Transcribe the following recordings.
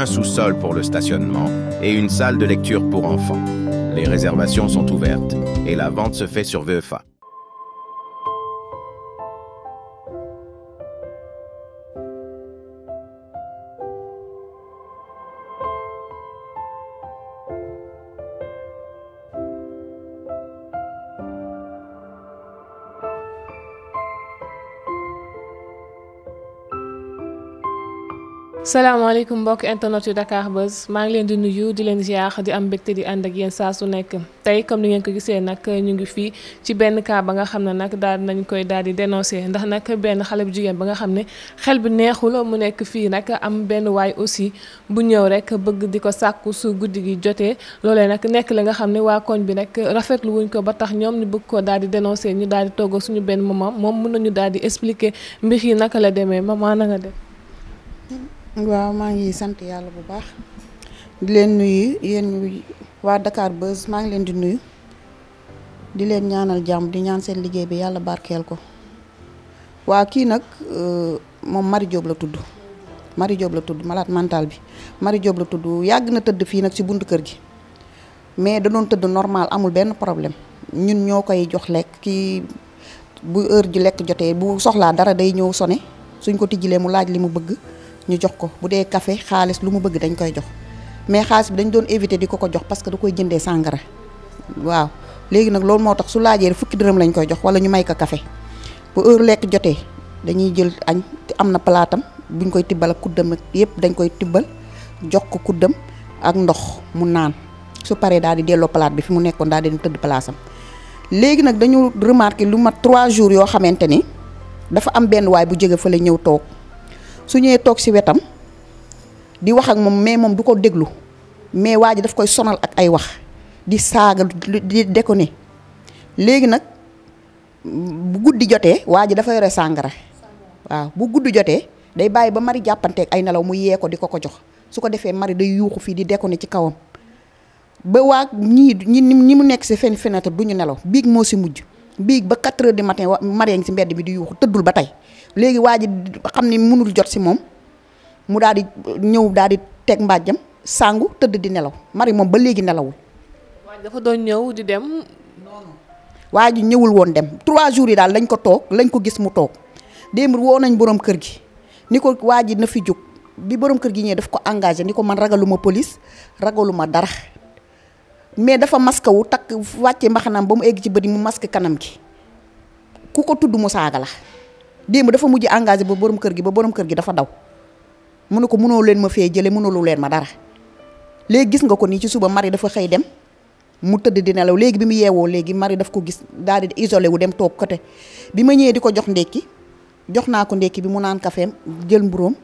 un sous-sol pour le stationnement et une salle de lecture pour enfants. Les réservations sont ouvertes et la vente se fait sur VEFA. salaamaaleykum mbokk internet yu Dakar Buzz maa ngi leen di nuyu di leen ziar di am mbégte di ànd ak yéen saa su nekk tey comme ni ngeen ko gisee nag ñu ngi fii ci benn kaa ba nga xam ne nag daal nañ koy di dénoncé ndax nag benn xale bu jigéen ba nga xam ne xel bi neexul mu nekk fii nag am benn waay aussi bu ñëw rek bëgg di ko sàkku su guddi gi jotee loolee nag nekk la nga xam ne waa koñ bi nag rafetlu wuñ ko ba tax ñoom ñu bëgg ko daal di dénoncé ñu daal di togg suñu benn maman moom mun nañu daal di expliquer mbir yi naka la demee maman na nga def waaw maa ngi sant yàlla bu baax di leen nuyu yéen waa dakaar Buzz maa ngi leen di nuyu di leen ñaanal jàmm di ñaan seen liggéey bi yàlla barkeel ko waa kii nag euh, moom mari Diop la tudd Marie Diop la tudd malade mental bi Marie Diop la tudd yàgg na tëdd fii nag ci buntu kër gi mais da doon tëdd normal amul benn problème ñun ñoo koy jox lekk kii bu heure ji lekk jotee bu soxlaa dara day ñëw sone suñ ko tijjilee mu laaj li mu bëgg ñu jox ko bu dee kafe xaalis lu mu bëgg dañ koy jox mais xaalis bi dañ doon éviter di ko ko jox parce que da koy jëndee sàngara waaw léegi nag loolu moo tax su laajee fukki dërëm lañ koy jox wala ñu may ko kafe bu heure lekk jotee dañuy jël añ am na palaatam buñ koy tibbal ak kuddam ak yëpp dañ koy tibbal jox ko kuddam ak ndox mu naan su paree daal di delloo palaat bi fi mu nekkoon daal di tëdd palaasam léegi nag dañu remarqué lu mat trois jours yoo xamante ni dafa am benn waay bu jóge fële ñëw toog. su ñëwee toog si wetam di wax ak moom mais moom du ko déglu mais waa ji daf koy sonal ak ay wax di saaga di déconné léegi nag bu guddi jotee waa ji dafa yore sàngara waaw bu guddi jotee day bàyyi ba mari jàppanteeg ay nelaw mu yee ko di ko ko jox su ko defee mari day yuuxu fii di ne ci kawam ba waa ñii ñi ñi mu nekk si fen fenêtre du ñu nelaw biig moo si mujj biig ba 4 heures du matin marin si mbedd mi di yuuxu tëddul ba tey léegi waa xam ni mënul jot si moom mu daal di ñëw daal di teg mbàjjam sàngu tëdd di nelaw Marie moom ba léegi nelawul. dafa doon ñëw di dem. waa ji ñëwul woon dem trois jours yi daal lañ ko toog lañ ko gis mu toog démb woo nañ borom kër gi ni ko waa ji na fi jóg bi borom kër gi ñëwee daf ko engagé ni ko man ragaluma police ragaluma dara. mais dafa masque wu takk wàcce mbaxanaam ba mu egg ci bëri mu masque kanam gi ku ko tudd mu saaga la démb dafa mujj engage ba borom kër gi ba borom kër gi dafa daw mu ne ko mënoo leen ma fee jëlee mënoo leen ma dara léegi gis nga ko nii ci suba mari dafa xëy dem mu tëdd di nelaw léegi bi mu yeewoo léegi mari daf ko gis daal di isolé wu dem toog côté bi ma ñëwee di ko jox ndekki jox naa ko ndekki bi mu naan kafeem jël mburoom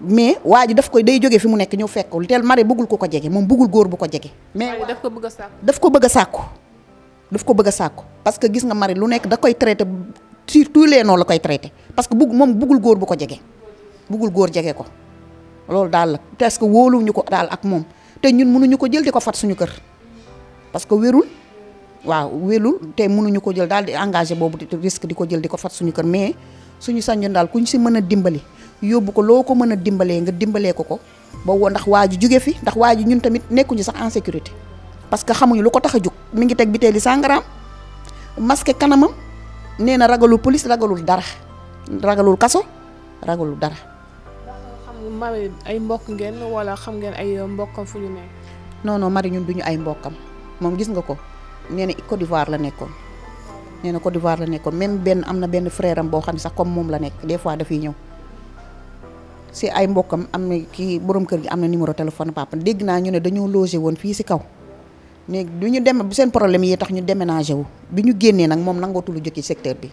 mais waa ji daf koy day jóge fi mu nekk ñëw fekkul teel mari bëggul ko ko jege moom bëggul góor bu ko jege. mais daf ko bëgg a sàkku. ko bëgg a daf ko bëgg a parce que gis nga mari lu nekk da koy traité sur tous les noms la koy traité parce que bëgg moom bëggul góor bu ko jege. bëggul góor jege ko loolu daal la parce que wóoluwuñu ko daal ak moom te ñun mënuñu ko jël di ko fat suñu kër parce que wérul waaw wérul te mënuñu ko jël daal di engagé boobu risque di ko jël di ko fat suñu kër mais suñu sañoon daal kuñ si mën a dimbali yóbbu ko loo ko mën a dimbalee nga dimbalee ko ko ba woo ndax waa ji jóge fi ndax waaju ji ñun tamit nekkuñu sax en sécurité parce que xamuñu lu ko tax a jug mi ngi teg li bitéeli sàngaraam masque kanamam nee na ragalul police ragalul dara ragalul kaso ragalul dara. xam ay mbokk ngeen wala xam ngeen ay mbokkam fu ñu ne. non non Marie ñun duñu ay mbokkam moom gis nga ko nee na Côte la nekkoon nee na Côte la nekkoon même benn am na benn frère am boo xam ne sax comme moom la nekk des fois dafay ñëw. si ay mbokkam am na kii borom kër gi am na numéro téléphone papa dégg naa ñu ne dañoo logé woon fii si kaw léegi du ñu dem bu seen problème yi tax ñu déménagé wu bi ñu génnee nag moom nangootulu jóge secteur bi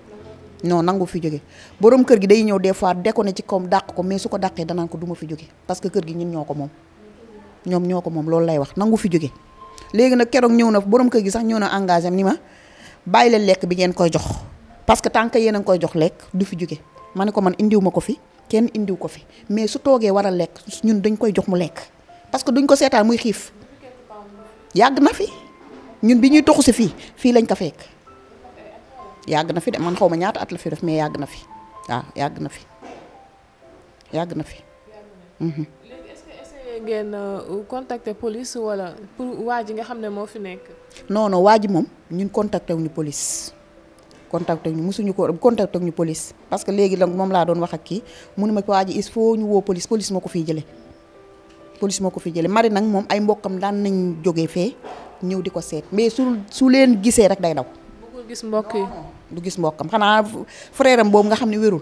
non nangu fi jóge borom kër gi day ñëw des fois deko ne ci kaw dàq ko mais su ko daqee dana ko du ma fi jóge parce que kër gi ñun ñoo ko moom ñoom ñoo ko moom loolu lay wax nangu fi jóge léegi nag keroog ñëw na borom kër gi sax ñëw na engagé ni ma bàyyi leen lekk bi ngeen koy jox parce que tant yéen a ngi koy jox lekk du fi jóge ma ne ko man indiw ma ko fi kenn indiw ko fi mais su toogee war a lekk ñun dañ koy jox mu lekk parce que duñ ko seetaan muy xiif yàgg na fi ñun bi ñuy toxu si fii fii lañ ko fekk yàgg na fi de man xaw ma ñaata at la fi def mais yàgg na fi waaw yàgg na fi yàgg na fi. Mhm. léegi est ngeen euh, contacter police walla pour waa ji nga xam ne moo fi nekk. non waa ji moom ñun contacter ñu police. contact ñu mosuñu ko contact ak ñu police parce que léegi la moom laa doon wax ak kii mu ne ma waa ji il faut ñu woo police police moo ko fiy jële police moo ko fiy jële mari nag moom ay mbokkam daan nañ jógee fee ñëw di ko seet mais su su leen gisee rek day daw bëggul gis mbokk yi du gis mbokkam xanaa frère am boobu nga xam ne wérul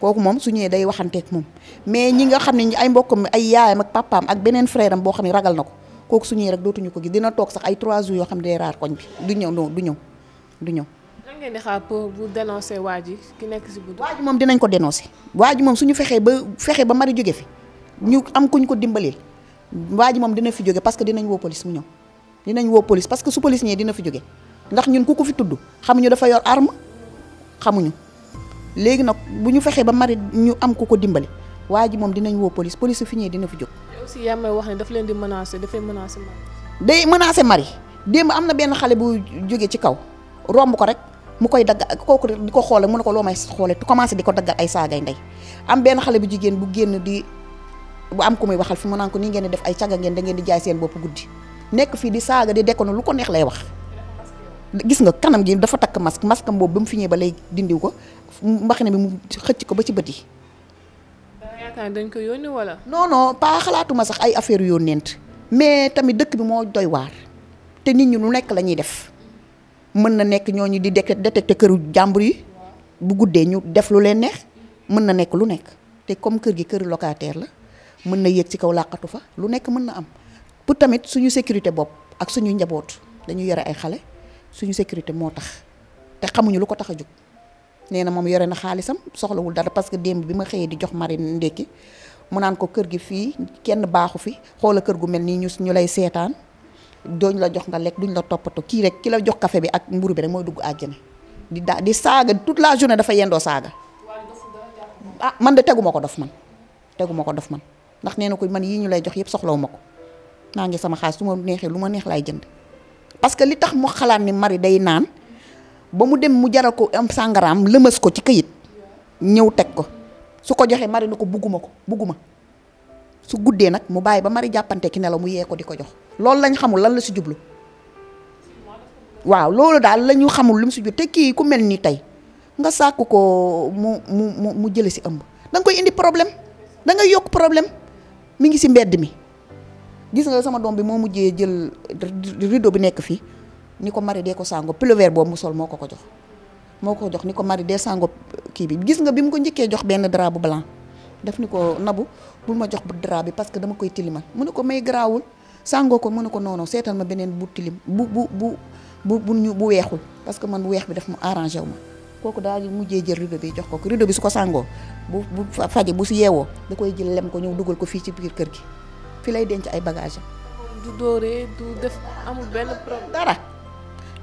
kooku moom su ñëwee day waxanteek moom mais ñi nga xam ne ay mbokkam ay yaayam ak papaam ak beneen frère am boo xam ne ragal na ko kooku su ñëwee rek dootuñu ko gis dina toog sax ay 3 jours yoo xam ne day raar koñ bi du ñëw non du ñëw du ñëw lan ngeen di waa ji ki nekk moom dinañ ko dénoncer waa ji moom suñu fexee ba fexe ba mari jóge fi ñu am kuñ ko dimbalee waa ji moom dina fi jóge parce que dinañ woo police mu ñëw dinañ woo police parce que su police dina fi ndax ñun ku ko fi tudd xamuñu dafa yor arme xamuñu léegi nag bu ñu fexee ba mari ñu am ku ko dimbale waa ji moom dinañ woo police police fi ñëwee dina fi jóg. aussi yaa may wax ne daf leen di menacer dafay menacer mari. day menacer mari démb am na benn xale bu jóge ci kaw romb ko rek. mu koy dagg kooku di ko xoole mu ne ko loo may xoole commencé di ko daggal ay saagay ndey am benn xale bu jigéen bu génn di bu am ku muy waxal fi mu naan ko nii ngeen di def ay caga ngeen da di jaay seen bopp guddi nekk fii di saaga di dekkoon lu ko neex lay wax gis nga kanam gi dafa takk masque masque am boobu ba mu fi ñëwee ba lay dindiw ko mbaxane bi mu xëcc ko ba ci bët yi. yaakaar dañ ko yónni wala. non non pas xalaatuma sax ay affaire yónneent mais tamit dëkk bi moo doy waar te nit ñi lu la ñuy def. mën na nekk ñooñu di détecté këru jàmbur yi bu guddee ñu def lu leen neex mën na nekk lu nekk te comme kër gi kër locataire la mën na yéeg ci kaw làqatu fa lu nekk mën na am pour tamit suñu sécurité bopp ak suñu njaboot dañu yore ay xale suñu sécurité moo tax te xamuñu lu ko tax a jóg nee na moom yore na xaalisam soxlawul dara parce que démb bi ma xëyee di jox Marine ndékki mu naan ko kër gi fii kenn baaxu fi xoola kër gu mel nii ñu ñu lay seetaan dooñ la jox nga lekk duñ la toppatoo kii rek ki la jox café bi ak mburu bi rek mooy dugg àjjana di daa di saaga tout la journée dafa yendoo saaga ah man de teguma ko dof man teguma ko dof man ndax nee na ko man yii ñu lay jox yëpp soxlawu ma ko naa ngi sama xaalis su ma neexee lu ma neex lay jënd parce que li tax mu xalaat ni mari day naan ba mu dem mu jaral ko am sàngaraam lëmas ko ci kayit ñëw teg ko su ko joxee mari ni ko bugguma ko bugguma su guddee nag mu bàyyi ba mari jàppante ki ne la mu yee ko di ko jox loolu lañ xamul lan la si jublu waaw loolu daal lañu xamul lu mu si jublu te kii ku mel nii tey nga sàkk ko mu mu mu jële si ëmb danga nga koy indi problème da nga yokk problème mu ngi si mbedd mi gis nga sama doom bi moo mujjee jël rideau bi nekk fii ni ko mari dee ko sàngo pull boobu mu sol moo ko ko jox moo ko jox ni ko mari dee sàngo kii bi gis nga bi mu ko njëkkee jox benn drap bu blanc def ni ko nabu bul ma jox bu drap bi parce que dama koy tilimal mu ne ko may garaawul sàngoo ko mu ne ko noonu seetal ma beneen bu tilim bu bu bu bu ñu bu weexul parce que man bu weex bi daf mu arrangé wu ma kooku daal di mujjee jël rideau bi jox ko ko rideau bi su ko sàngoo bu bu faje bu si yeewoo da koy jël lem ko ñëw dugal ko fii ci biir kër gi fi lay denc ay bagage du dóoree du def amul benn problème dara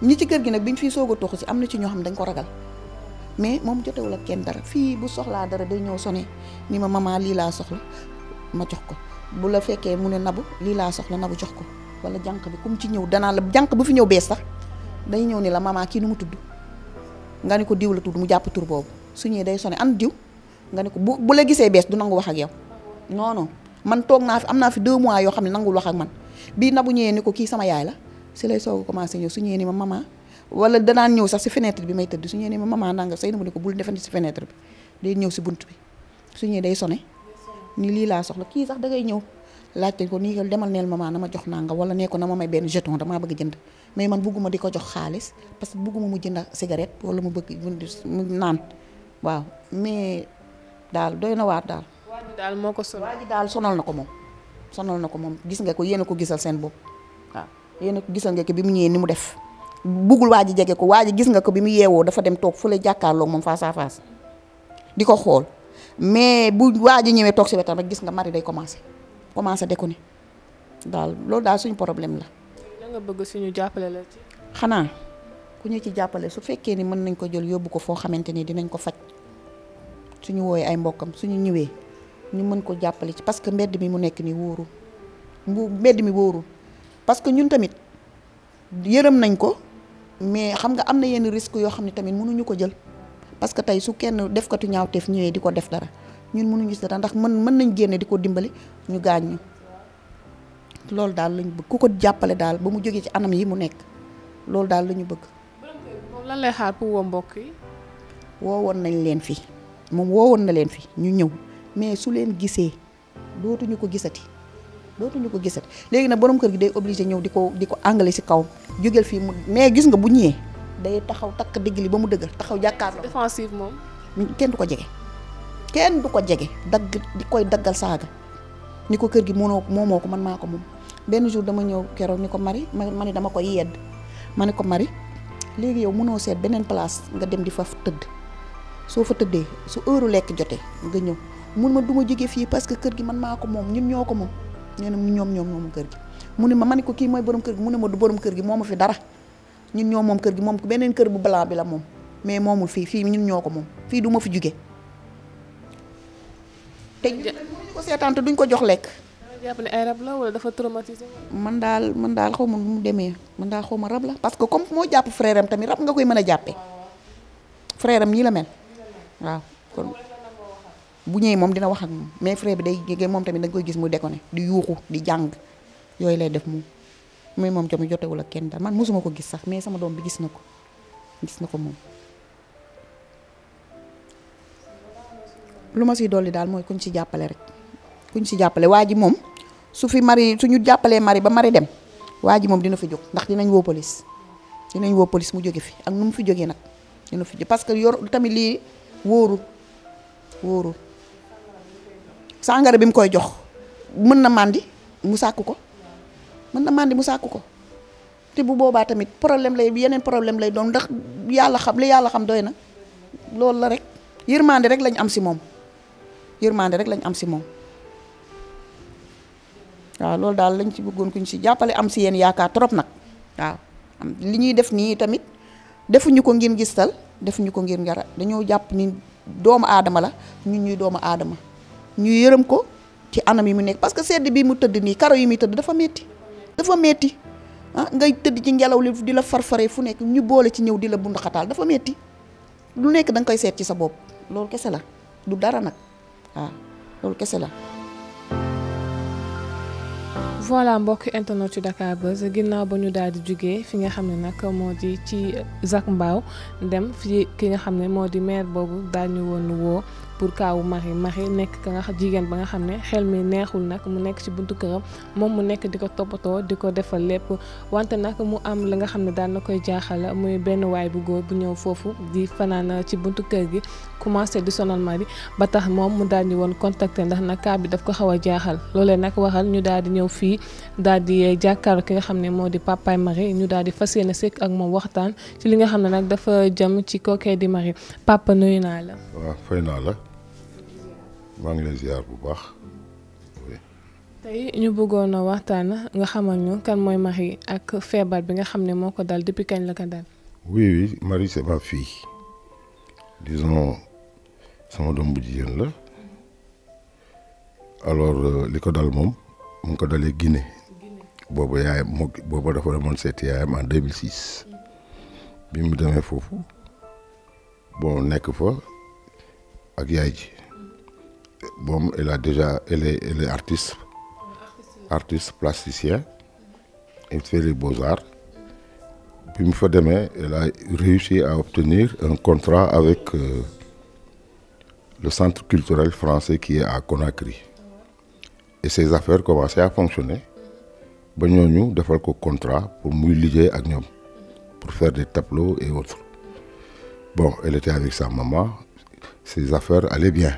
ñi ci kër gi nag bi fiy soog a toxu si am na ci ñoo xam dañ ko ragal mais moom jotewul ak kenn dara fii bu soxlaa dara day ñëw sone ni ma maman lii laa soxla ma jox ko bu la fekkee mu ne nabu lii laa soxla nabu jox ko wala jànq bi kum ci ñëw danaa la jànq bu fi ñëw bees sax day ñëw ni la maman kii nu mu tudd nga ne ko diw la tudd mu jàpp tur boobu su day sone an diw nga ne ko bu bu la gisee bees du nangu wax ak yow non non man toog naa fi am naa fi deux mois yoo xam ne nangul wax ak man bii nabu ñëwee ni ko kii sama yaay la si lay soog commencé ñëw su ma maman wala danaan ñëw sax si fenêtre bi may tëdd su ñëwee ne ma maman nanga say na mu ne ko bul defandi si fenêtre bi day ñëw si bunt bi su ñëwee day sone ni lii laa soxla kii sax dangay ñëw laajte ko nii demal neen ma na ma jox nanga wala nee ko na ma may benn jeton damaa bëgg jënd mais man bugguma di ko jox xaalis parce que bugguma mu jënd cigarette wala mu bëgg mu naan waaw mais daal doy na waar daal. daal moo ko sonal daal sonal na ko moom. sonal na ko moom gis nga ko yéen a ko gisal seen bopp waaw yéen a ko gisal nga bi mu ñëwee ni mu def. buggul waa ji jege ko waa ji gis nga ko bi mu yeewoo dafa dem toog fu fële jàkkaarloog moom face à face di ko xool mais bu waa ji ñëwee toog si wetam rek gis nga mari day commencé commencé de ko ni daal loolu daal suñu problème la. bëgg suñu jàppale la xanaa ku ñu ci jàppale su fekkee ni mën nañ ko jël yóbbu ko foo xamante ni dinañ ko faj suñu wooyee ay mbokkam suñu ñëwee ñu mën ko jàppale ci parce que mbedd mi mu nekk nii wóoru mbu mbedd mi wóoru parce que ñun tamit yërëm nañ ko. mais xam nga am na yenn risque yoo xam ne tamit mënuñu ko jël parce que tey su kenn defkatu ñaawteef ñëwee di ko def dara ñun mënuñu gis dara ndax mën mën nañ génne di ko dimbali ñu gaañ ñu loolu daal lañu bëgg ku ko jàppale daal ba mu jógee ci anam yi mu nekk loolu daal la ñu bëgg. lan lay xaar pour woo mbokk yi. woowoon nañ leen fii moom woowoon na leen fii ñu ñëw mais su leen gisee dootuñu ko gisati. loolu ñu ko gisat léegi nag borom kër gi day obligé ñëw di ko di ko angale si kaw jógeel fii mu mais gis nga bu ñëwee day taxaw takk digg li ba mu dëgër taxaw jàkkaarloo. défensive moom. kenn du ko jege. kenn du ko jege dagg di koy daggal saaga ni ko kër gi mënoo moomoo ko man maa ko moom benn jour dama ñëw keroog ni ko mari ma ni dama koy yedd ma ni ko mari léegi yow mënoo seet beneen place nga dem di fa tëdd soo fa tëddee su heure lekk jotee nga ñëw mun ma du ma jóge fii parce que kër gi man maa ko moom ñun ñoo ko moom. nee na ñoom ñoom ñoom kër gi mu ne ma ma ne ko kii mooy borom kër gi mu ne ma du borom kër gi moomu fi dara ñun ñoo moom kër gi moom beneen kër bu balaa bi la moom mais moomu fii fii ñun ñoo ko moom fii du ma fi jóge duñ ko jox lekk. jàpp ne ay la wala dafa traumatisé. man daal man daal xaw ma nu mu demee man daal xaw ma rab la parce que comme moo jàpp frère am tamit rab nga koy mën a jàppe oh. frère am ñi la mel waaw bu ñëwee moom dina wax ak moom mais frère bi day gege moom tamit da nga koy gis muy déconné di yuuxu di jàng yooyu lay def moom mais moom tamit jotewul ak kenn daal man mosuma ko gis sax mais sama doom bi gis na ko gis na ko moom. lu ma siy dolli daal mooy kuñ si jàppale rek kuñ si jàppale waa ji moom su fi mari su ñu jàppalee mari ba mari dem waa ji moom dina fi jóg ndax dinañ woo police dinañ woo police mu jóge fi ak nu mu fi jógee nag dina fi jóg parce que yor tamit lii wóoru wóoru. sàngara bi mu koy jox mën na màndi mu sàkk ko mën na màndi mu sàkk ko te bu boobaa tamit problème lay yeneen problème lay doon ndax yàlla xam li yàlla xam doy na loolu la rek yërmande rek lañ am si moom yërmande rek lañ am si moom waaw loolu daal lañ ci bëggoon ñu si jàppale am si yéen yaakaar trop nag waaw li ñuy def nii tamit defuñu ko ngir gistal defuñu ko ngir ngara dañoo jàpp ni doomu aadama la ñu ñuy doomu aadama ñu yërëm ko ci anam yi mu nekk parce que sedd bi mu tëdd nii karo yi muy tëdd dafa metti dafa metti ah ngay tëdd ci ngelaw li di la farfaree fu nekk ñu boole ci ñëw di la bund dafa metti lu nekk da koy seet ci sa bopp loolu kese la du dara nag waaw loolu kese la. voilà mbokk internet yu Dakar Buzz ginnaaw ba ñu daal di jugee fi nga xam ne nag moo di ci Zac Mbao dem fi ki nga xam ne moo di maire boobu daal ñu woon woo. pour kaawu Marie Marie nekk ka nga jigéen ba nga xam ne xel mi neexul nag mu nekk ci buntu këram moom mu nekk di ko toppatoo di ko defal lépp wante nag mu am la nga xam ne daan na koy jaaxal muy benn waay bu góor bu ñëw foofu di fanaana ci buntu kër gi commencé di sonal Marie ba tax moom mu daal di woon contacter ndax nag cas bi daf ko xaw a jaaxal loolee nag waxal ñu daal di ñëw fii daal di jàkkaarloo ki nga xam ne moo di papaay Marie ñu dal di fas yéene sekk ak moom waxtaan ci li nga xam ne nag dafa jëm ci kookee di Marie pàppa nuyu naa la. waaw bëggoon waxtaan nga xamal ñu kan mooy Marie ak feebar bi nga xam ne moo ko dal depuis kañ la ko dal. oui oui Marie c'est ma sama doom bu jigéen la alors euh, li ko dal moom mu ko dalee Guinée boobu yaayam moo booba dafa demoon seeti bi mu demee foofu bon nekk fa ak yaay ji moom elle a déjà elle est elle est artiste artiste plasticien elle fait les beaux bi mu fa demee elle a réussi à obtenir un contrat avec. Euh, le centre culturel français qui est à Conakry et ses affaires commençaient à fonctionner ba ñooñu defal ko contrat pour muy liggéey ak ñoom pour faire des tableaux et autres bon elle était avec sa maman ses affaires allaient bien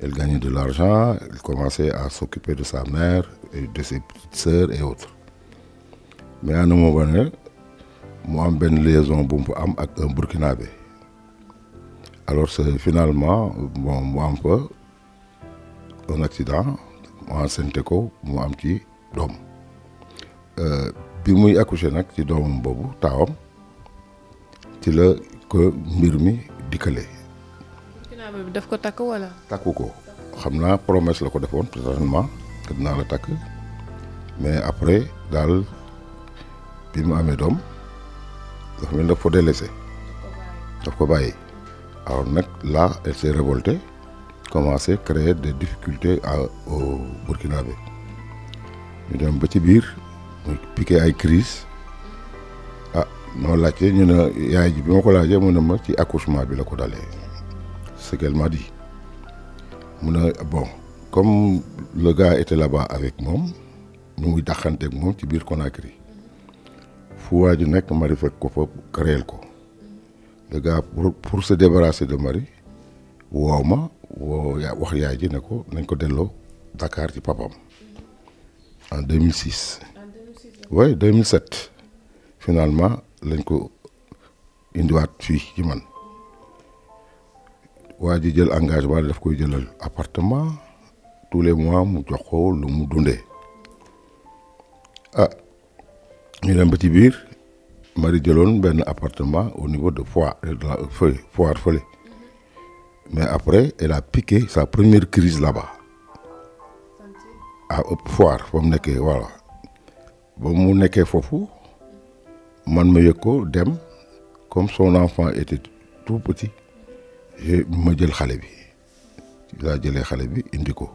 elle gagnait de l'argent elle commençait à s'occuper de sa mère de ses petites sœurs et autres mais à un moment donné mu am benn liaison bu mu am ak un alors finalement bon mu am fa un accident mu enceinte ko mu am ci doom euh, bi muy accouché nag ci doomam boobu taawam ci la ko mbir mi dikkale. bi daf ko takk wala. takku ko xam naa promesse la ko defoon certainement que naa la takk mais après daal bi mu amee doom dafa mel ni daf ko délaissé daf ko bàyyi. Alors là, elle s'est révoltée, commencé à créer des difficultés à, au Burkinabé. Nous avons un petit bir, nous piqué à une crise. Ah, nous avons dit, nous avons dit, nous avons dit, nous avons dit, accouchement, ce qu'elle m'a dit. Bon, comme le gars était là-bas avec moi, nous avons dit, nous avons dit, nous avons dit, nous avons dit, nous avons dit, nous avons dit, nous le gars pour pour se de Marie woo ma woo wax yaay ji ne ko nañ ko delloo Dakar ci papam en 2006. en 2006 oui 2007 finalement lañ ko indiwaat fii ci man waa ji jël engagement def koy jëlal appartement tous les mois mu jox ko lu mu dundee ah ñu dem ba ci biir. mari jëloon benn appartement au niveau de foire de la euh, fële foire fële mm-hmm. mais après elle a piqué sa première crise là-bas à ëpp euh, foire fa mu nekkee voilà ba mu nekkee foofu man ma yëg ko dem comme son enfant était tout petit je ma jël xale bi laa jëlee xale bi indi ko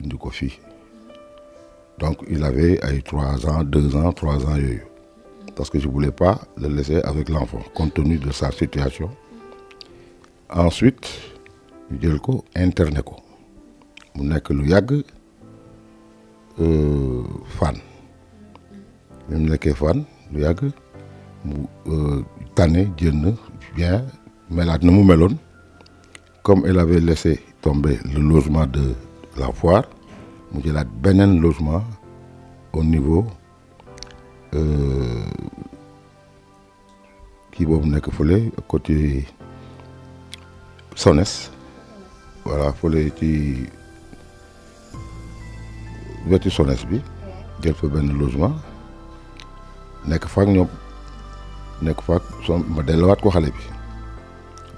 indi ko fii mm-hmm. donc il avait ay trois ans deux ans trois ans yooyu parce que je ne voulais pas le laisser avec l'enfant, compte tenu de sa situation. Ensuite, ñu jël ko interné ko mu nekk lu yàgg euh, fan bi mu nekkee fan lu yàgg mu euh, tane jënn bien melaat na mu meloon comme elle avait laissé tomber le logement de la foire mu jëlaat beneen logement au niveau Euh, kii boobu nekk fële côté Sones voilà fole ci wetu Sones bi jël fa benn logement nekk fa ak ñoom nekk fa ak son ma delluwaat ko xale bi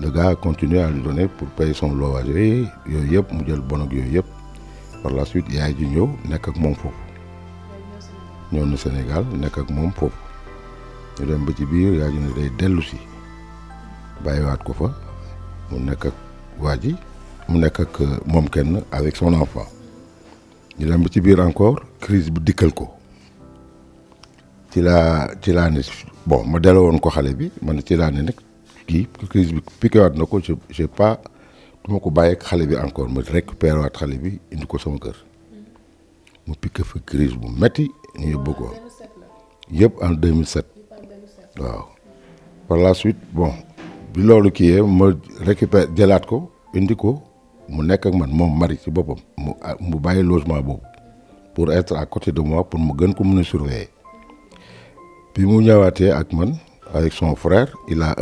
le gars a continué pour payer son loyer yooyu yëpp mu jël bon ak yooyu yëpp par la suite yaay ji ñëw nekk ak moom foofu. ñëw na Sénégal nekk ak moom foofu ñu dem ba ci biir yaa ji ne day dellu si bàyyiwaat ko fa mu nekk ak waa ji mu nekk ak euh, moom kenn avec son enfant ñu dem ba ci biir encore crise bi dikkal ko ci laa ci laa ne bon ma delloo woon ko xale bi man ci laa ne nag kii crise bi piquewaat na ko je j'ai pas du ma ko bàyyi ak xale bi encore ma récupéré waat xale bi indi ko sama kër mu pique fa crise bu metti ñu yóbbu ko yëpp en 2007 waaw par bon loolu kii yee ma ko indi ko mu nekk ak man moom mari ci boppam mu ah, mu bàyyi logement boobu pour côté de moi pour mu gën ko mën a surveiller bi mu ñëwaatee ak man avec son frère il a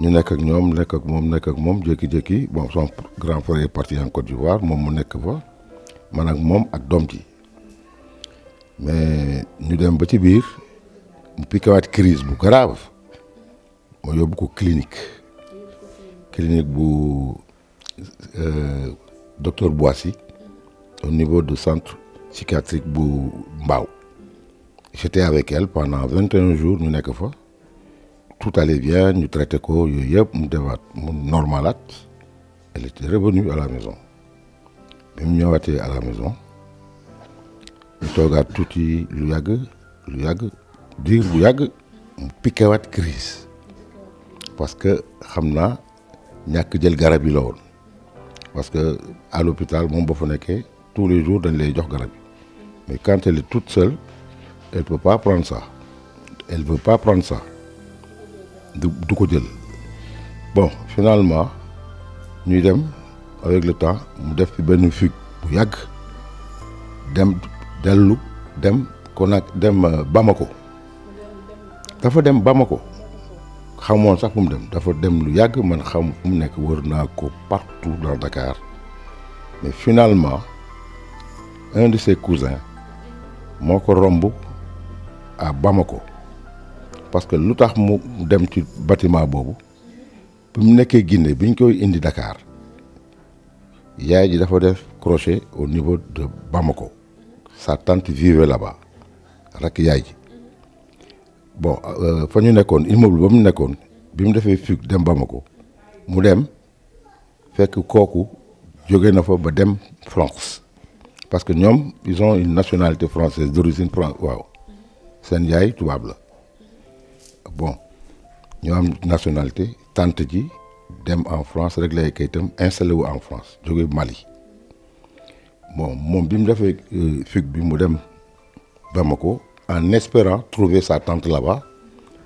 ñu nekk ak ñoom nekk ak moom nekk ak moom jékki-jékki bon son grand frère est parti en Côte d'Ivoire moom mu nekk fa man ak moom ak doom ji mais ñu dem ba ci biir mu piquewaat crise bu grave ma yóbbu ko clinique clinique bu euh, docteur Boissy au niveau du centre psychiatrique bu Mbao j'étais avec elle pendant vingt et un jours ñu nekk fa tout allait bien ñu traité ko yooyu yëpp mu defaat mu normalaat elle était revenue à la maison bi mu ñëwaatee à la maison toogaat tuuti lu yàgg lu yàgg diir bu yàgg mu pikkewaat crise parce que xam naa ñàkk jël garab yi la woon parce que à l'hôpital moom ba fa nekkee tous les jours dañ lay jox garab yi mais quand elle est toute seule elle peut pas prendre ça elle veut pas prendre ça du du ko jël bon finalement ñuy dem avec le temps mu def fi benn fugue bu yàgg dem dellu dem kon konak dem euh, ko dafa dem bama Bamako xamoon sax fu mu dem dafa dem lu yàgg man xam mu nekk wër naa ko partout dans Dakar mais finalement un de ses cousins moo ko romb à Bamako parce que lu tax mu dem ci bâtiment boobu bi mu nekkee Guinée bi ñu koy indi dakaar yaay ji dafa def crochet au niveau bama ko sa tante vivait la ba rak yaay ji bon euh, fa ñu nekkoon immeuble ba mu nekkoon bi mu defee fugue dem ba ma ko mu dem fekk kooku jóge na fa ba dem France parce que ñoom ison ont une nationalité française d'origine France waaw seen yaay tubaab la bon ñu am nationalité tante ji dem en France rek lay kayitam installé wu en France jóge Mali bon moom bi mu defee euh, fugue bi mu dem ko en espérant trouver sa tante là-bas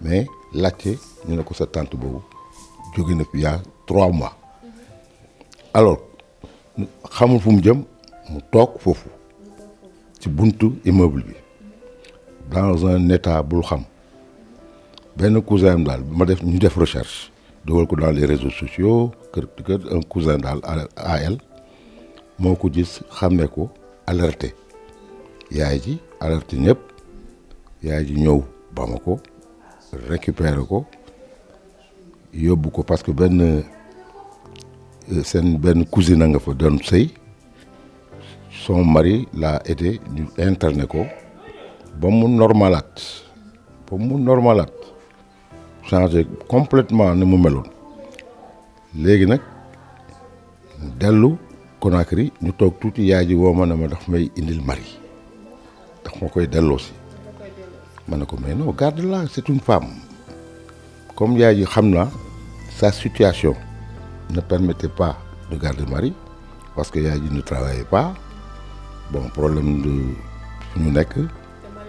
mais laajte ñu ne ko sa tante boobu jóge na fi yaa trois mois mm-hmm. alors xamul fu mu jëm mu toog foofu ci buntu immeuble bi dans un état bul xam benn cousin daal ma def ñu def recherche dugal ko dans les réseaux sociaux kër kër un cousin daal à moo ko ji xàmme ko alerté yaay ji alerté ñëpp yaay ji ñëw Bamako récupéré ko yóbbu ko parce que benn euh, seen benn cousine a nga fa doon sëy son mari laa été ñu interné ko ba mu normalaat ba mu normalaat changé complètement ni mu meloon léegi nag dellu Conakry ñu toog tuuti yaay ji woo ma ne ma daf may indil mari daf ma koy delloo si ma ne ko mais non garde là c'est une femme comme yaay ji xam na sa situation ne permettait pas de garder mari parce que yaay ji ne travaillait pas bon problème de fu ñu nekk.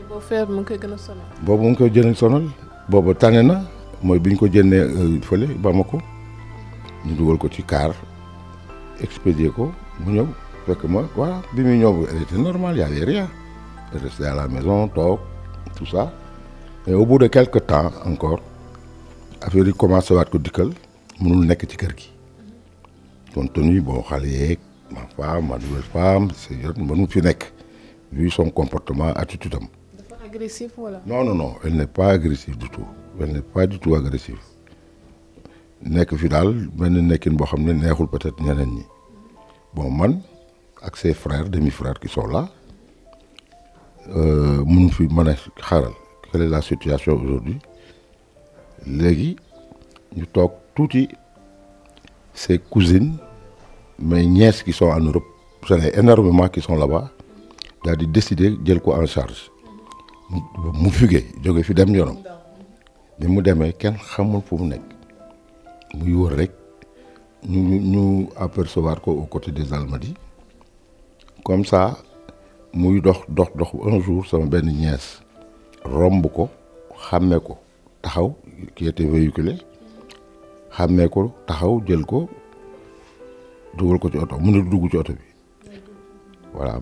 boo feer mu ngi koy gën a sonal. boobu mu ngi koy jëlee sonal. boobu tane na mooy bi ñu ko jëndee euh, fële Bamako ñu dugal ko ci kaar expédier ko. mu ñëw fekk ma voilà bi muy ñëw elle était normale y avait rien elle restait à la maison toog tout ça temps encore affaire yi commencé waat ko dikkal mënul nekk ci kër gi compte tenu boo xale yeeg ma femme ma nouvelle femme c'est mënul fi nekk vu son comportement attitude am. dafa agressif wala. non non non elle n'est pas agressive du tout elle n'est pas du tout agressive nekk fi daal benn nekkin boo xam ne neexul peut-être ñeneen ñi. bon man ak ses frères demi frères ki sont là euh, mun fi mën a xaaral quelle est la situation aujourd'hui léegi ñu toog tuuti ses cousines mais ñees ki sont en Europe c'en est énormément qui sont là-bas daal di décider jël ko en charge mu fuggee jóge fi dem yoonam bi mu demee kenn xam xamul fu mu nekk muy wër rek ñu ñu apercevoir ko aux côtés des Almadies comme ça muy dox dox dox un jour sama benn ñees romb ko xàmme ko taxaw qui était véhiculé xàmmee ko taxaw jël ko dugal ko ci oto mënul dugg ci oto bi voilà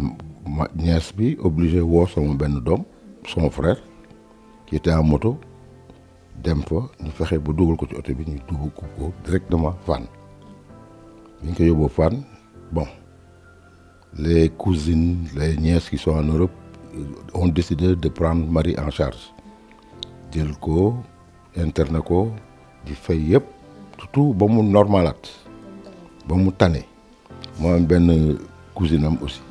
ñees bi obligé woo sama benn doom son frère qui a moto dem fa ñu fexe ba dugal ko ci oto bi ñu dugg ko directement Fann bi ñu ko yóbboo fan bon les cousines les nièces qui sont en Europe euh, ont décidé de prendre Marie en charge jël ko interne ko di fay yëpp surtout ba mu normalaat ba mu tane moo am benn cousine am aussi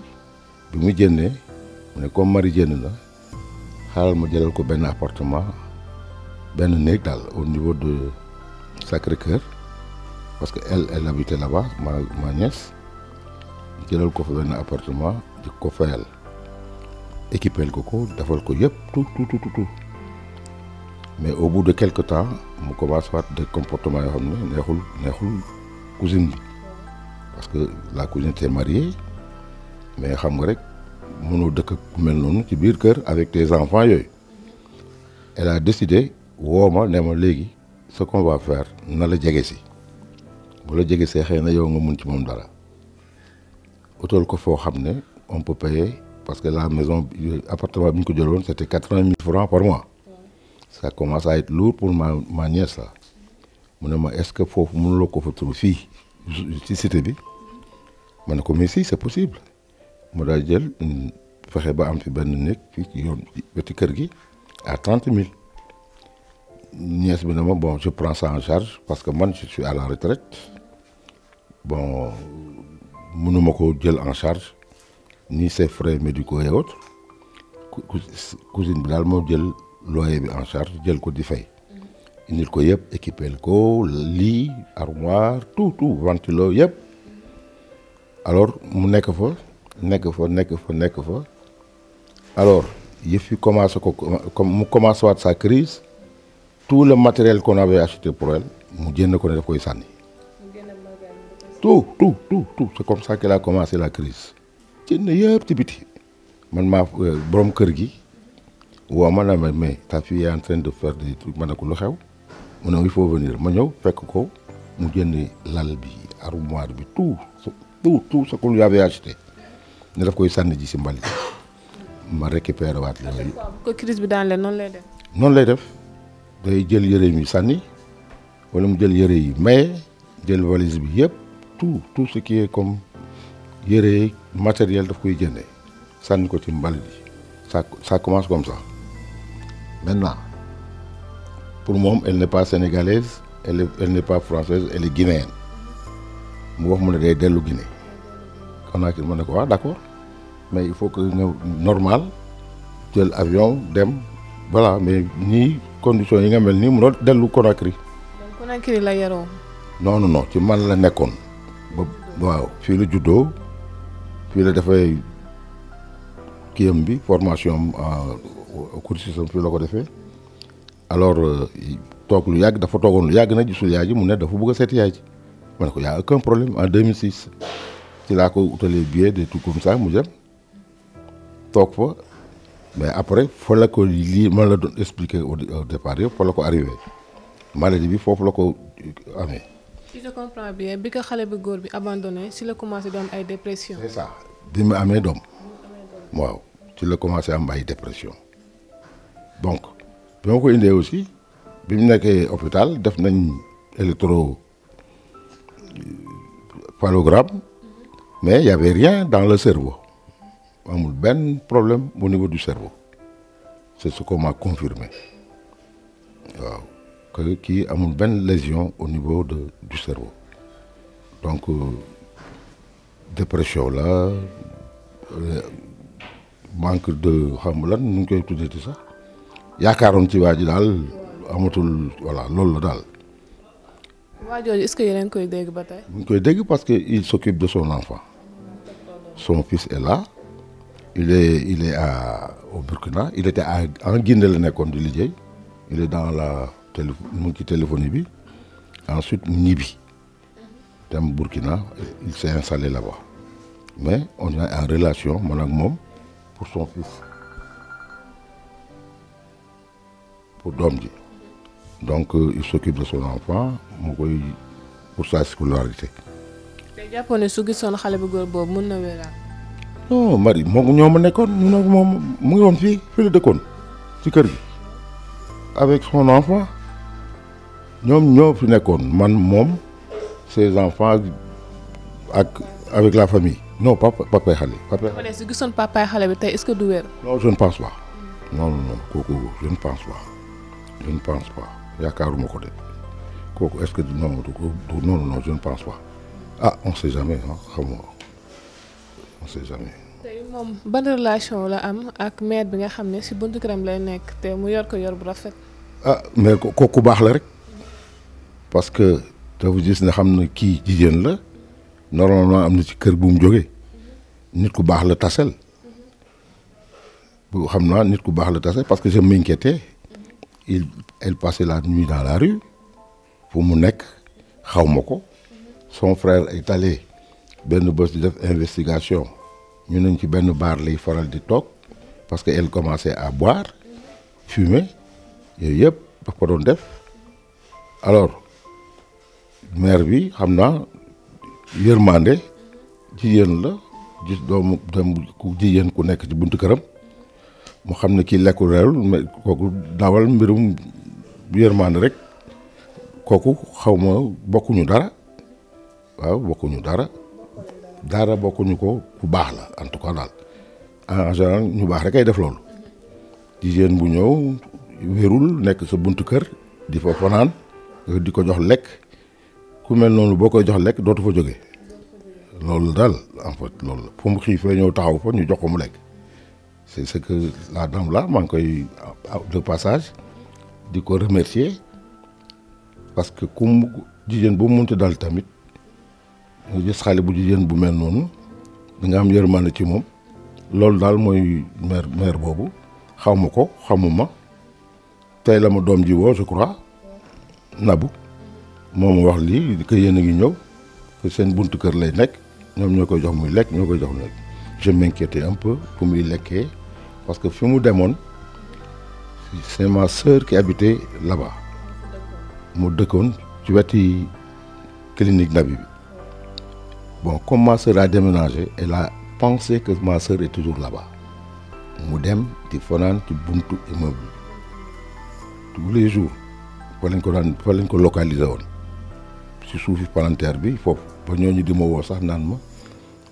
bi mu jëndee mu ne comme Marie jënd na xaaral ma jëlal ko benn appartement benn néeg daal au niveau de Sacré-Cœur parce que elle elle habitait là-bas ma ma nièce jëlal ko fa benn appartement di ko fayal équipel ko ko defal ko yëpp tout tout tout tout mais au bout de quelque temps mu commencé waat des comportements yoo xam ne neexul neexul cousine bi parce que la cousine était mariée mais xam nga rek mënoo dëkk ku mel noonu ci biir kër avec tes enfants yooyu elle a décidé woo ma ma léegi ce qu'on va na la jege si. bu jege see xëy na yow nga mun ci moom dara utal ko foo xam ne om peut parce que la maison appartement bi ñu ko jëloon c' était quatre vingt mille francs par mois ça commence à être lourd pour ma ma nièce là mu ne ma est ce que foofu mënuloo ko fa trouver fii ci bi ma ne ko mais si c' possible mu daal jël fexe ba am fi benn néeg fii ci yoon kër gi à trente mille. nièce bi na ma bon je prends ça en charge parce que man je suis à la retraite bon mënuma ko jël en charge ni ses frais médicaux et autres cousine bi daal moo jël loyer bi en charge jël ko di fay indil ko yëpp équipel ko lit armoire tout tout ventilo yëpp alors mu nekk fa nekk fa nekk fa nekk fa alors yëf yi commencé ko comme mu commencé waat sa crise tout le matériel qu'on avait acheté pour mu génn ko ne daf koy sànni tout tout tout tout c'est comme ça qu'elle a commencé la crise génn yëpp ci euh, kër gi waaw man mais ta de faire ma ne ko lu xew mu ne fekk ko mu génne lal bi armoire bi tout daf koy sànni ji si mbalit ma récupéré waat yooyu. ko crise bi daan leen noonu lay def. lay def. day jël yëre yi sànni walla mu jël yére yi maye jël valise bi yëpp tout tout ce qui est comme yëre matériel daf koy jëndee sànni ko ci mbal bi ça ça commence comme ça maintenant pour moom elle n'est pas sénégalaise elle est, elle pas française elle est guinéenne mu wax mu ne day dellu Guinée kon naa ki mën ne ko wax ah, d'accord mais il faut que nga normal jël avion dem voilà mais nii condition yi nga mel nii munoo dellu Conakry. donc Conakry la yaroo. non non ci man la nekkoon ba waaw fii la juddoo fii la dafay kiyam bi formation am euh, cursusam fii la ko defee alors euh, toog lu yàgg dafa toogoon lu yàgg nag gisul yaay ji mu ne dafa bëgg a seet yaay ji ma ne ko y a aucun problème en 2006 ci laa ko utalee billet de tout comme ça mu jëm toog fa. mais après fa la ko lii man la doon expliquer au départ yëpp fa la ko arrivé maladie bi foofu la ko amee. si je comprends bien bi ko xale bi góor bi abandonné si la commencé doon ay dépression. c'est ça bi mu amee doom. waaw ci la commencé am ay dépression donc bi ma ko indee aussi bi mu nekkee hôpital def nañ électrophalogramme euh, mais y avait rien dans le cerveau. amul benn problème au niveau du cerveau c'est ce qu'on m'a confirmé waaw kii amul benn lésion au niveau de du cerveau donc euh, la euh, manque de xam lan nu ñu koy tuddee sax yaakaaroon ci waa ji daal amatul voilà loolu la daal. waa jooju est-ce que yéen koy dégg ba tey. mu ngi koy dégg parce que il s'occupe de son enfant. son fils est là. il est il est à au Burkina il était à en Guinée la nekkoon di liggéey il est dans la télé mu ngi ci téléphonie bi ensuite mu ñibbi dem Burkina il s'est installé là-bas mais on est en relation man ak moom pour son fils pour doom ji donc euh, il s'occupe de son enfant mu koy pour sa scolarité. tey jàppoon su gisoon xale bu góor boobu mën na wéraat. non Marie moom ñoo ma nekkoon ñu ne moom mu ngi woon fii fii la dëkkoon ci kër gi avec son enfant ñoom ñoo fi nekkoon man moom ses enfants ak avec la famille non papa papaay xale. papaay xale su gisoon papaay xale bi tey est-ce que du wér. non je ne pense pas non non non kooku je ne pense pas je ne pense pas yaakaaruma ko de kooku est-ce que non non non je ne pense pas ah on sait jamais ah xam nga on sait jamais. moom ban relation la am ak maire bi nga xam ne si buntu këram lay nekk te mu yor ko yor bu rafet. ah maire ko ku baax la rek parce que dafa gis ne xam na kii jigéen la normalement am na ci kër bu mu jógee nit ku baax la tasel bu xam naa nit ku baax la tasel parce que je m'inquiétais il elle passait la nuit dans la rue fu mu nekk xaw ma ko son frère ay allé benn bés di def investigation. ñu nañ ci benn baar lay faral di toog parce que elle commençait à boire fumer yooyu yëpp daf ko doon def alors maire bi xam naa yërmande jigéen la gis doomu dem ku jigéen ku nekk ci buntu këram mu xam ne kii lekku reerul mais kooku dawal mbirum yërmande rek kooku xaw ma bokkuñu dara waaw bokkuñu dara daara bokkuñu ko ku baax la en tout cas daal ah, en général ñu baax rek ay def loolu jigéen bu ñëw wérul nekk sa buntu kër di fa fanaan euh, di ko jox lekk ku mel noonu boo koy jox lekk dootu fa jóge loolu daal en fait loolu fu mu xiifee ñëw taxaw fa ñu jox ko mu lekk c'est ce que la dame là maa ngi koy ah, de passage di ko remercier parce que ku jigéen bu munti daal tamit nga gis xale bu jigéen bu mel noonu da nga am yërmande ci moom loolu daal mooy maire maire boobu xaw ma ko xamuma tey la ma doom ji woo je crois nabu moo ma wax lii que yéen a ngi ñëw que seen buntu kër lay nekk ñoom ñoo koy jox muy lekk ñoo koy jox muy lekk je m'inquiétais un peu pour muy lekkee parce que fi mu demoon c'est ma sœur qui habitait là mu dëkkoon ci weti clinique Nabi bi bon comme ma sœur a déménagé elle a pensé que ma sœur toujours là mu dem di fanaan ci buntu immeuble tous les jours fa lañ ko daan fa lañ ko localisé woon ci suufi palanteer bi foofu ba ñooñu di ma woo sax naan ma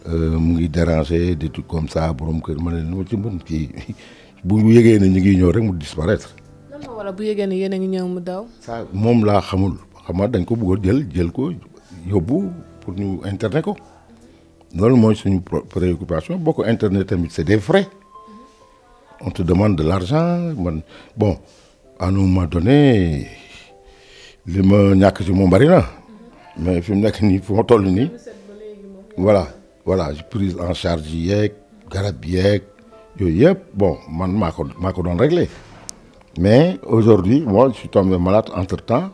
euh, mu ngi déranger des trucs comme ça borom kër ma ne leen ma ci mën kii bu yëgee ne ñu ngi ñëw rek mu disparaître. lan la wala bu yëgee ne yéen a ngi ñëw mu daw. ça moom laa xamul xam nga dañ ko bëgg jël jël ko yóbbu pour internet ko loolu mooy suñu préoccupation boo ko internet tamit c'est des frais on te demande de l'argent man bon à un moment donné li ma ñàkk ci moom bari na mais fi mu nekk nii fu ma toll nii voilà voilà j'ai prise en charge yeeg garab yeeg yooyu yëpp bon man maa ko maa ko doon réglé mais aujourd'hui moi je suis tombé malade entre temps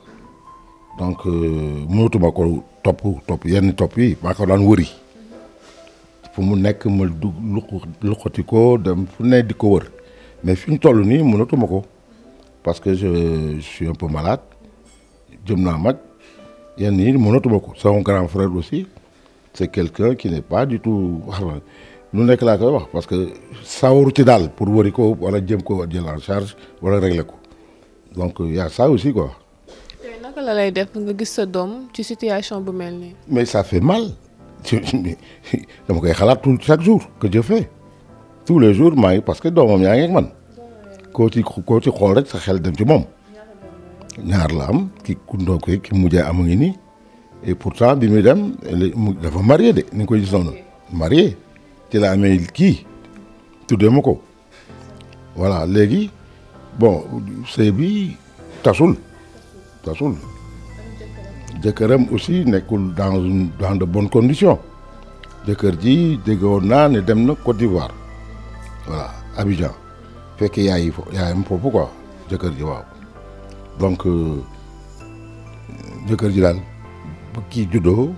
donc euh, mënatuma ko topp topp yenn topp yi maa ko daan wëri fu mu nekk ma du luqati ko dem fu ne di ko wër mais fi mu toll nii mënatuma ko parce que je suis un peu malade jëm naa mag yenn yi mënatuma ko sama grand frère aussi c'est quelqu'un qui n'est pas du tout wax lu nekk laa koy wax parce que sawaru ci daal pour wëri ko wala jëm ko jël en charge wala régler ko donc y a aussi quoi naka la lay def nga gis sa doom ci situation bu mel nii. mais ça fait mal dama koy xalaat tout chaque jour que jëfe fais tous les jours maa ngi parce que doomam yaa ngi ak man koo ci xool rek sa xel dem ci moom ñaar la am ki kundoo koy ki mujjee am ngi nii et pourtant bi muy dem dafa marié de ni koy gis noonu marié ci la amee kii tuddee ma ko voilà léegi bon sëy bi tasul. tasul jëkkëram aussi nekkul dans une dans de jëkkër ji déggoon naa ne dem na Côte d'Ivoire voilà Abidjan fekk yaay yaayam foofu quoi jëkkër ji waaw donc euh, jëkkër ji daal ba kii juddoo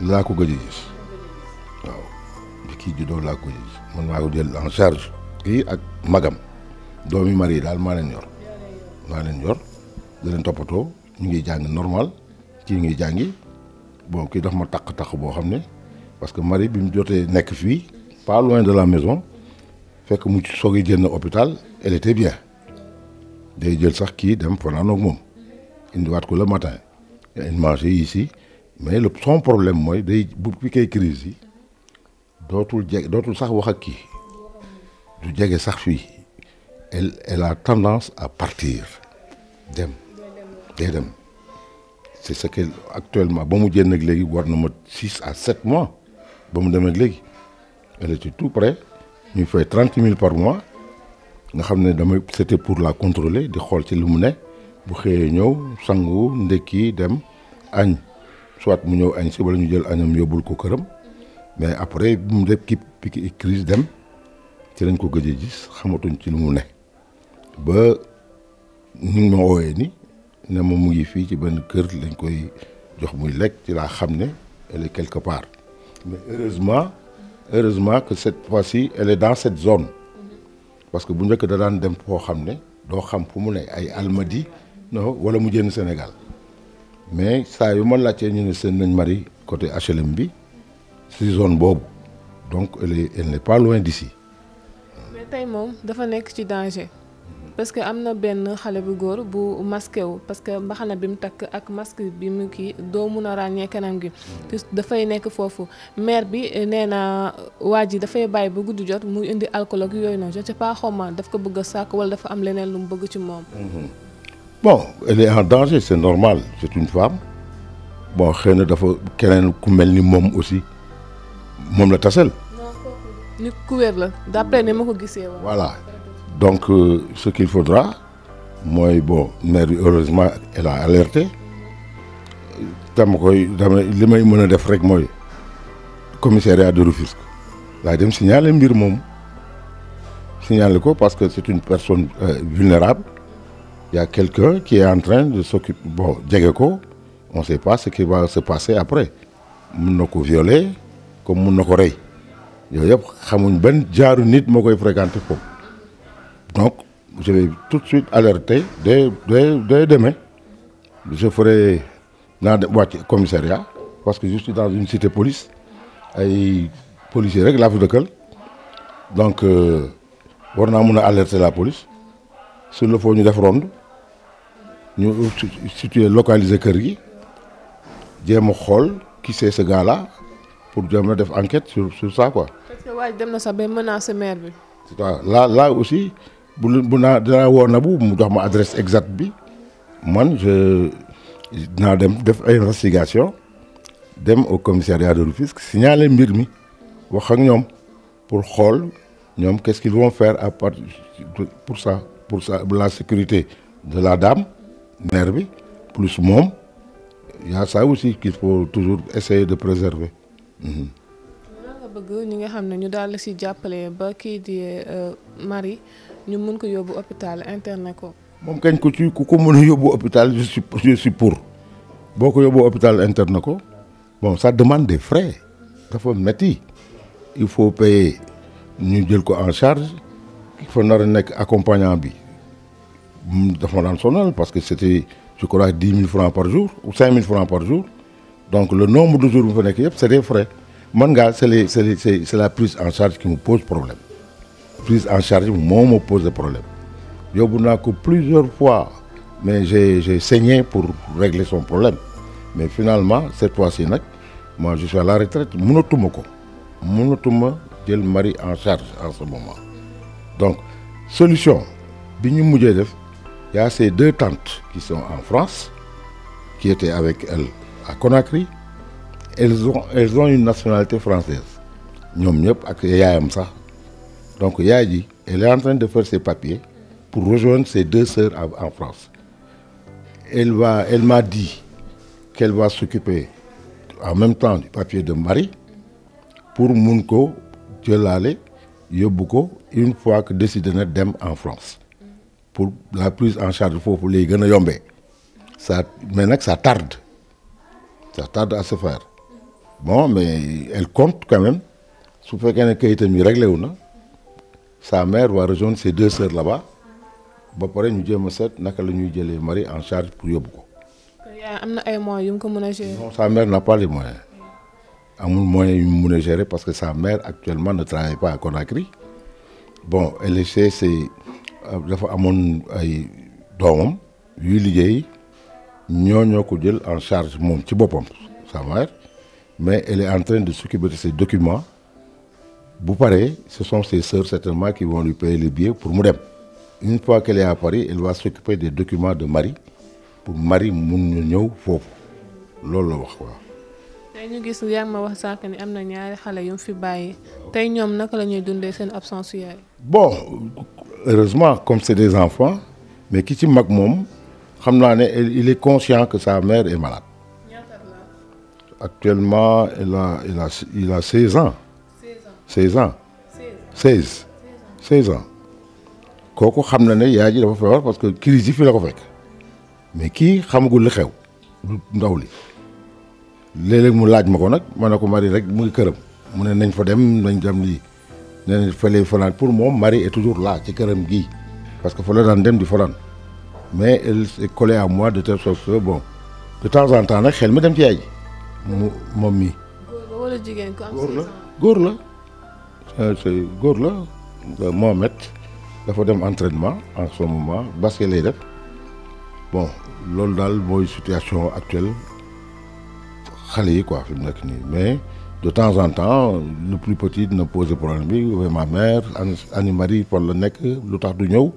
laa ko gëj a waaw bi kii juddoo laa ko gëj a man maa ko jël en charge kii ak magam doomi mari daal maa leen yor maa da toppatoo ñu ngi jàng normal kii ngi jàngi bon kii daf ma taq-taq boo xam ne parce que Marie bi mu jotee nekk fii pas loin de la maison fekk mu soog a génn hôpital elle était bien day jël sax kii dem fanaanoog moom indiwaat ko la matin il mangeait si mais le son problème mooy day bu kay crise yi dootul jeg dootul sax wax ak kii du jege sax fii elle elle a tendance à partir dem day dem si est ce que ba mu génn ak léegi war na ma six à sept mois ba mu dem léegi elle était tout près ñu fay trente mille par mois nga xam ne damay c' pour la contrôler di xool ci lu mu ne bu xëyee ñëw sangu ndekki dem añ soit mu ñëw añ si wala ñu jël añam yóbbul ko këram mais après bu mu kipp ki piki crise dem ci lañ ko gëj a gis xamatuñ ci lu mu ne ba ni ma wooyee ni ne ma mu ngi fii ci benn kër lañ koy jox muy lekk ci laa xam ne elle quelque part mais heureusement heureusement que cette fois-ci elle est dans cette zone parce que bu njëkk da daan dem foo xam ne doo xam fu mu ne ay Almadies non wala mu génn Sénégal mais saa yu ma laajtee ñu ne seen nañ mari côté HLM bi si zone boobu donc elle est elle n'est pas loin dafa nekk ci danger. parce que am na benn xale bu góor bu masqué wu parce que mbaxana bi mu takk ak masque bi mu kii doo mun a ràññee kanam gi dafay nekk foofu maire bi eh, nee na waa ji dafay bàyyi ba guddi jot mu indi alcool yooyu noonu je ne pas xaw ma daf ko bëgg a sàkk wala dafa am leneen lu mu bëgg ci moom. Mhm. bon elle est en dafa keneen ku mel ni moom aussi moom la tasel. nit ku la d'après ni ma ko gisee. voilà. donc euh, ce qu'il faudra mooy bon maire bi heureusement elle a alerté dama koy dama li may mën a def rek mooy commissariat de Rufisque laa dem signaler mbir moom signaler ko parce que c'est une personne euh, yaa il y a quelqu'un qui est en train de s'occuper bon jege ko on sait pas ce qui va se passer après mun na ko violer comme mun na ko rey yooyu yëpp xamuñ benn jaaru nit moo koy fréquenter foofu donc je l'ai tout de suite alerté dès dès dès demain je ferai naa dem wàcc commissariat parce que je suis dans une cité police ay policiers rek laa fi dëkkal donc euh, war naa mun a alerter la police s'il le faut ñu def ronde ñu situer localiser kër gi jéem a xool kii c'est ce gars pour jéem a def enquête sur sur ça quoi. parce que waaj dem na sax ba menacer maire bi. waaw là aussi. bu bu naa dinaa woo na bu mu jox ma adresse exacte bi man je dem def ay investigation dem au commissariat de Rufisque signaler mbir mi wax ak ñoom pour xool ñoom qu'est-ce qu'ils vont faire à part pour sa pour ça la sécurité de la dame mère bi plus moom y saa ça aussi qu'il faut toujours essayer de préserver mmh. bëgg ñi nga xam ne ñu daal la si jàppale ba kii di euh, Marie ñu mën ko yóbbu hôpital interné ko. moom kañ ko ci ku ko mën a yóbbu hôpital je suis je pour boo ko yóbbu hôpital interne ko moom ça demande des frais dafa metti il faut payer ñu jël ko en charge il faut nar nekk accompagnant bi dafa daan sonal parce que c'était je crois dix mille francs par jour ou cinq mille francs par jour donc le nombre de jours bu fa nekk yëpp c'est des frais man ngaa c'est les c'est c'est la prise en charge qui me pose problème prise en charge moo ma posé problème yóbbu naa ko plusieurs fois mais j'ai j'ai saigné pour régler son problème mais finalement cette fois-ci nag moi je suis à la retraite mënatuma ko ma jël mari en charge en ce moment donc solution bi ñu mujjee def y a ces deux tantes qui en France qui étaient avec a à Conakry elles ont elles ont une nationalité française ñoom ñëpp ak yaayam sax Donc Yaji, elle est en train de faire ses papiers pour rejoindre ses deux sœurs en France. Elle, va, elle m'a dit qu'elle va s'occuper en même temps du papier de mari pour Munko, yóbbu ko une fois que décidé dem en France. Pour la prise en foofu charge gën a yombee Ça, maintenant nag ça tarde. Ça tarde à se faire. Bon, mais elle compte quand su fekkee qu'elle a été réglée wu na sa mère va rejoindre ses deux sœurs là ba pare ñu jéem a seet naka la ñuy jëlee Marie en charge pour yóbbu ko. yaa am na ay moyens yu mu ko n'a pas amul moyen yu mu mën a gérer parce que sa mère actuellement ne travaille pas à Conakry bon elle est chez euh, dafa amoon ay doomam yuy liggéey ñoo ñoo ko jël en charge moom ci boppam sa mère mais elle est en train de s'occuper de ses bu paree ce sont ses sœurs certainement qui vont lui payer le billet pour mu dem une fois qu'elle est à Paris elle va s'occuper des documents de Marie pour Marie mun ñu ñëw foofu loolu la wax waaw. tey ñu gis yaa ma wax sànq ni am na ñaari xale yu mu fi bàyyi tey ñoom naka la ñuy dundee seen absence yaay. bon heureusement comme c'est des enfants mais ki ci mag moom xam naa ne il est conscient que sa mère est malade. actuellement elle a il a il a seize ans. seize ans. seize seize ans kooku xam na ne yaay ji dafa feebar parce que crise yi fi la ko fekk mais kii xamagul li xew ndaw li léeg mu laaj ma ko nag ma ne ko Marie rek mu ngi këram mu ne nañ fa dem nañ dem lii nee nañ fa lay fanaan pour moom mari e toujours là ci këram gii parce que fa daan dem di fanaan mais elle est collée à de ter sorte que bon de temps en temps nag xel mi dem ci yaay mu moom mii. góor la wala jigéen góor la. Euh, c'est góor la moo euh, Mohamed dafa dem entraînement en ce moment basket lay def bon loolu daal mooy situation actuelle xale yi quoi fi mu nekk nii mais de temps en temps le plus petit dina poser problème bi ma mère Annie Marie fan la nekk lu tax du ñëw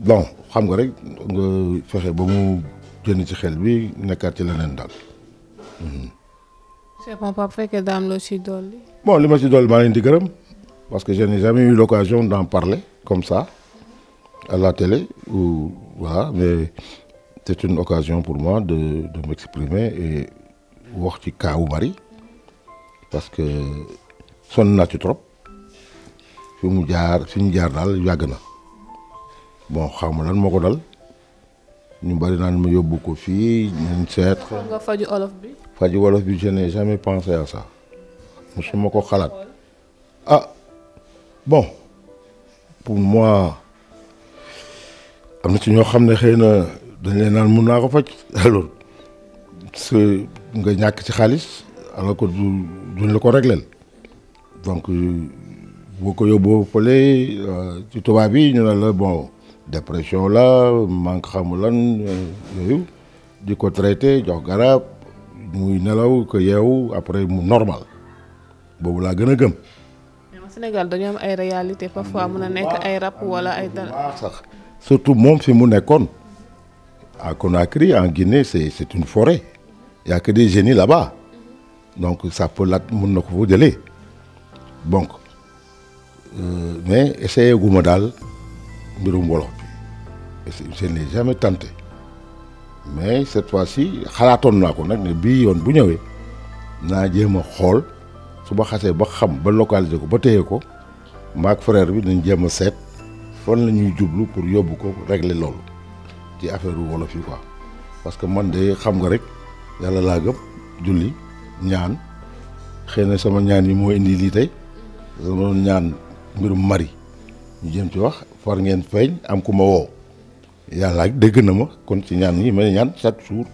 bon xam nga rek nga fexe ba mu jënd ci xel bi nekkaat ci leneen daal. Hmm. c'est bon papa bu fekkee daam si dolli. bon li ma si dolli maa leen di gërëm. parce que je n'ai jamais eu l'occasion d'en parler comme sa à la télé ou voilà mais c'est une occasion pour moi de de m'exprimer et wax ci kaawu Marie parce que son naa ci trop fi mu jaar fi ñu jaar daal yàgg na bon xaw ma lan moo ko dal ñu bari naan ma yóbbu ko fii ñu seet. nga faju olof bi. faju olof bi je n'ai jamais pensé à ça musuma ko xalaat ah, bon pour moi am na ci ñoo xam ne xëy na dañ leen naan mun naa ko faj alors parce nga ñàkk si xaalis alors que du duñ la ko la donc euh, boo ko yóbboo fële euh, ci tubaab yi ñu ne la bon dépression la manque xamu lan euh, yooyu di ko traité jox garab muy nelaw ko yeewu après mu normal boobu laa gën a gëm Sénégal dañu am ay réalité parfois mun a nekk ay rap wala ay dara. surtout moom fi mu nekkoon à Conakry en Guinée c'est c'est une forêt il y a que des génies là-bas donc ça mun na ko fa jëlee donc euh, mais essayé gu daal mbirum wolof bi je n'ai jamais tenté mais cette fois-ci xalaatoon naa ko nag ne bii yoon bu ñëwee naa jéem xool. su ba xasee ba xam ba localiser ko ba téye ko maak frère bi dañ jéem a seet fan la ñuy jublu pour yóbbu ko régler loolu ci affaire wolof yi quoi parce que man de xam nga rek yàlla laa gëm julli ñaan xëy na sama ñaan yi moo lii tey sama ñaan mbirum mari ñu ci wax far ngeen feeñ am ku ma wow yàlla ak dégg na ma kon ci ñaan yi ma ñaan chaque jour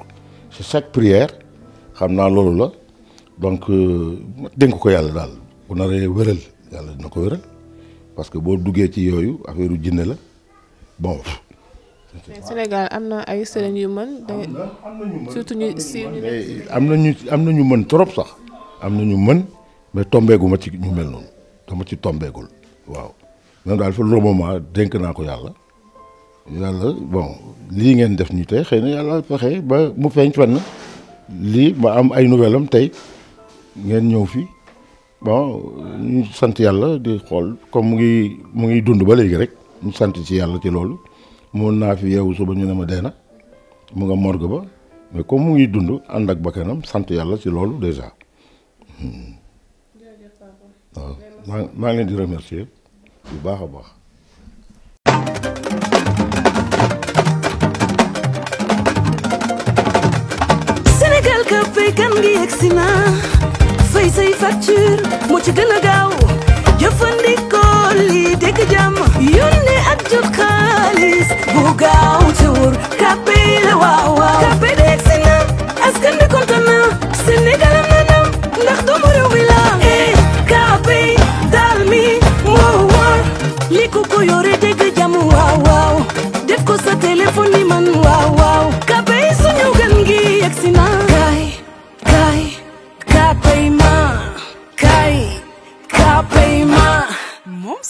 chaque prière xam naa loolu la donc euh, dénk ko yàlla daal bu naree wëral yàlla dina ko wëral parce que boo duggee ci yooyu affaire u jinne la bon. Sénégal am na ay sëriñ yu mën. surtout ñu si am na ñu am na ñu mën trop sax am na ñu mën mais tombeegu ci ñu mel noonu dama ci tombeegul waaw man daal fa le moment dénk naa ko yàlla yàlla bon lii ngeen def ñu tey xëy na yàlla fexe ba mu feeñ fenn lii ma am ay nouvelle am tey. ngeen ñëw fii bon sant yàlla di xool comme mu ngi mu ngi dund ba léegi rek ñu sant ci yàlla ci loolu mun naa fi yeewu suba ñu ne ma dee na mu nga morgue ba mais comme mu ngi dund ànd ak bakkanam sant yàlla ci loolu déjà hmm. waaw maa ngi di remercier bu baax a baax. Sénégal ka fay kan gi yegsi naa fay say facture ci gën a gaaw jëfandikoo lii dégg jàmm yónne ak jot xaalis bu gaaw te wóor la waaw waaw kàppe de egsi na askan bi kontaan na Sénégal am na ndam ndax doomu réew mi la eh kàppe daal mi moo wóor li ko ko